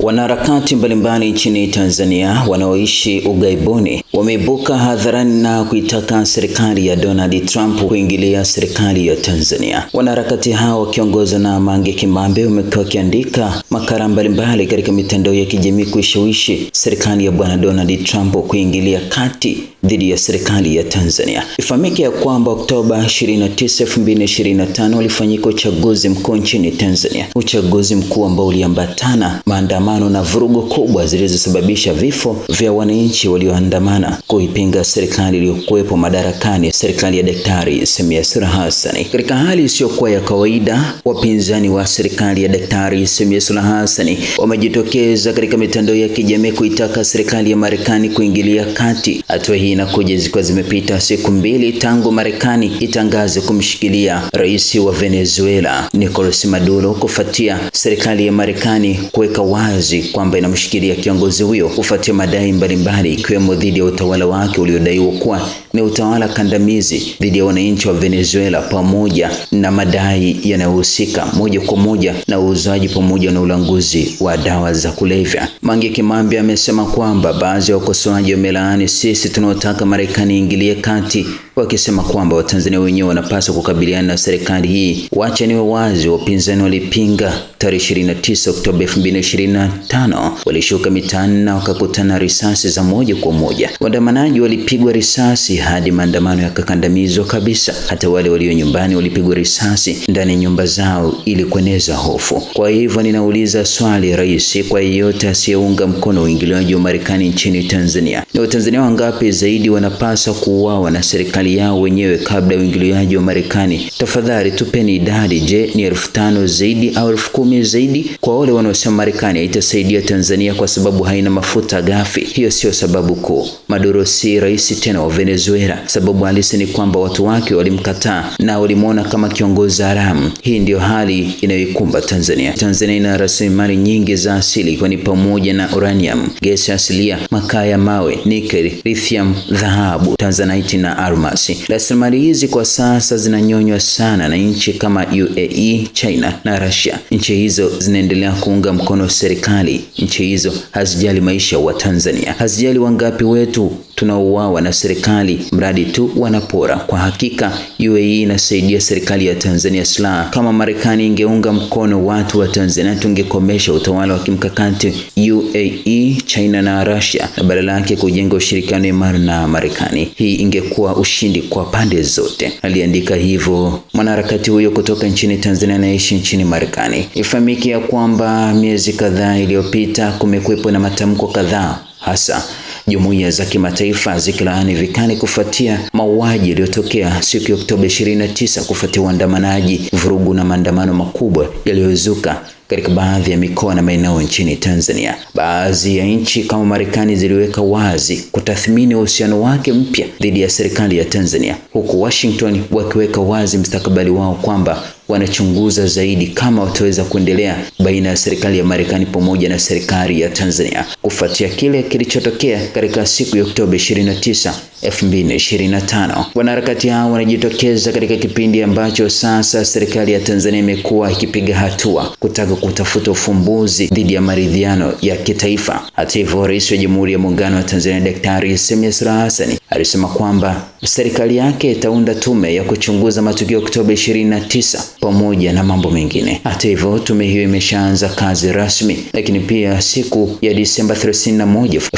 Wanaharakati mbalimbali nchini Tanzania wanaoishi ughaibuni wameibuka hadharani na kuitaka serikali ya Donald Trump kuingilia serikali ya Tanzania. Wanaharakati hao wakiongozwa na Mange Kimambe wamekuwa wakiandika makala mbalimbali katika mitandao ya kijamii kuishawishi serikali ya bwana Donald Trump kuingilia kati dhidi ya serikali ya Tanzania. Ifahamike ya kwamba Oktoba 29, 2025 ulifanyika uchaguzi mkuu nchini Tanzania, uchaguzi mkuu ambao uliambatana maandamano maandamano na vurugo kubwa zilizosababisha vifo vya wananchi walioandamana kuipinga serikali iliyokuwepo madarakani, serikali ya Daktari Samia Suluhu Hassan. Katika hali isiyokuwa ya kawaida, wapinzani wa serikali ya Daktari Samia Suluhu Hassan wamejitokeza katika mitandao ya kijamii kuitaka serikali ya Marekani kuingilia kati. Hatua hii inakuja zikiwa zimepita siku mbili tangu Marekani itangaze kumshikilia rais wa Venezuela Nicolas Maduro kufuatia serikali ya Marekani kuweka wazi wazi kwamba inamshikilia kiongozi huyo kufuatia madai mbalimbali ikiwemo dhidi ya utawala wake uliodaiwa kuwa ni utawala kandamizi dhidi ya wananchi wa Venezuela pamoja na madai yanayohusika moja kwa moja na uuzaji pamoja na ulanguzi wa dawa za kulevya. Mange Kimambi amesema kwamba baadhi ya wakosoaji wamelaani sisi tunaotaka Marekani ingilie kati wakisema kwamba Watanzania wenyewe wanapaswa kukabiliana na serikali hii. Wacha niwe wazi, wapinzani walipinga tarehe 29 Oktoba 2025, walishuka mitaani na wakakutana risasi za moja kwa moja. Waandamanaji walipigwa risasi hadi maandamano yakakandamizwa kabisa. Hata wale walio nyumbani walipigwa risasi ndani ya nyumba zao ili kueneza hofu. Kwa hivyo ninauliza swali, Rais, kwa yeyote asiyeunga mkono uingiliaji wa Marekani nchini Tanzania, ni Watanzania wangapi zaidi wanapaswa kuuawa na serikali yao wenyewe kabla ya uingiliaji wa Marekani? Tafadhali tupeni idadi. Je, ni elfu tano zaidi au elfu kumi zaidi? Kwa wale wanaosema Marekani haitasaidia Tanzania kwa sababu haina mafuta ghafi, hiyo sio sababu kuu. Maduro si rais tena wa Venezuela. Sababu halisi ni kwamba watu wake walimkataa na walimwona kama kiongozi haramu. Hii ndiyo hali inayoikumba Tanzania. Tanzania ina rasilimali nyingi za asili, kwani pamoja na uranium, gesi asilia, makaa ya mawe, nickel, lithium, dhahabu, tanzanite na almasi. Rasilimali hizi kwa sasa zinanyonywa sana na nchi kama UAE, China na Russia. Nchi hizo zinaendelea kuunga mkono serikali nchi hizo hazijali maisha wa Tanzania, hazijali wangapi wetu tunaouawa na serikali mradi tu wanapora. Kwa hakika UAE inasaidia serikali ya Tanzania silaha. Kama Marekani ingeunga mkono watu wa Tanzania, tungekomesha utawala wa kimkakati UAE, China na Russia, na badala yake kujenga ushirikiano imara na Marekani. Hii ingekuwa ushindi kwa pande zote. Aliandika hivyo mwanaharakati huyo kutoka nchini Tanzania anaishi nchini Marekani. Ifahamike ya kwamba miezi kadhaa iliyopita kumekwepo na matamko kadhaa hasa jumuiya za kimataifa zikilaani vikali kufuatia mauaji yaliyotokea siku ya Oktoba 29 kufuatia uandamanaji, vurugu na maandamano makubwa yaliyozuka katika baadhi ya mikoa na maeneo nchini Tanzania. Baadhi ya nchi kama Marekani ziliweka wazi kutathmini uhusiano wake mpya dhidi ya serikali ya Tanzania, huku Washington wakiweka wazi mstakabali wao kwamba wanachunguza zaidi kama wataweza kuendelea baina ya serikali ya Marekani pamoja na serikali ya Tanzania kufuatia kile kilichotokea katika siku ya Oktoba 29, 2025. Wanaharakati hao wanajitokeza katika kipindi ambacho sasa serikali ya Tanzania imekuwa ikipiga hatua kutaka kutafuta ufumbuzi dhidi ya maridhiano ya kitaifa. Hata hivyo, Rais wa Jamhuri ya Muungano wa Tanzania Daktari Samia Suluhu Hassan alisema kwamba serikali yake itaunda tume ya kuchunguza matukio Oktoba 29 pamoja na mambo mengine. Hata hivyo, tume hiyo imeshaanza kazi rasmi, lakini pia siku ya Disemba 31,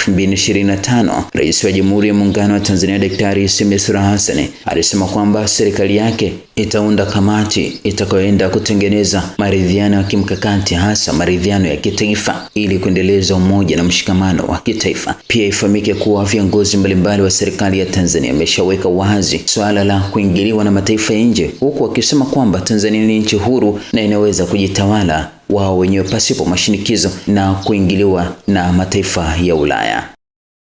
2025 Rais wa Jamhuri ya Muungano wa Tanzania Daktari Samia Suluhu Hassan alisema kwamba serikali yake itaunda kamati itakayoenda kutengeneza maridhiano ya kimkakati hasa maridhiano ya kitaifa ili kuendeleza umoja na mshikamano wa kitaifa. Pia ifahamike kuwa viongozi mbalimbali wa serikali ya Tanzania wameshaweka wazi swala la kuingiliwa na mataifa ya nje huku wakisema kwamba Tanzania Tanzania ni nchi huru na inaweza kujitawala wao wenyewe pasipo mashinikizo na kuingiliwa na mataifa ya Ulaya.